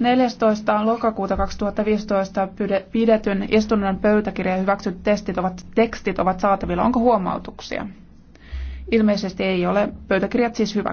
14. lokakuuta 2015 pidetyn istunnon pöytäkirjan hyväksytyt testit ovat, tekstit ovat saatavilla. Onko huomautuksia? Ilmeisesti ei ole. Pöytäkirjat siis hyvä.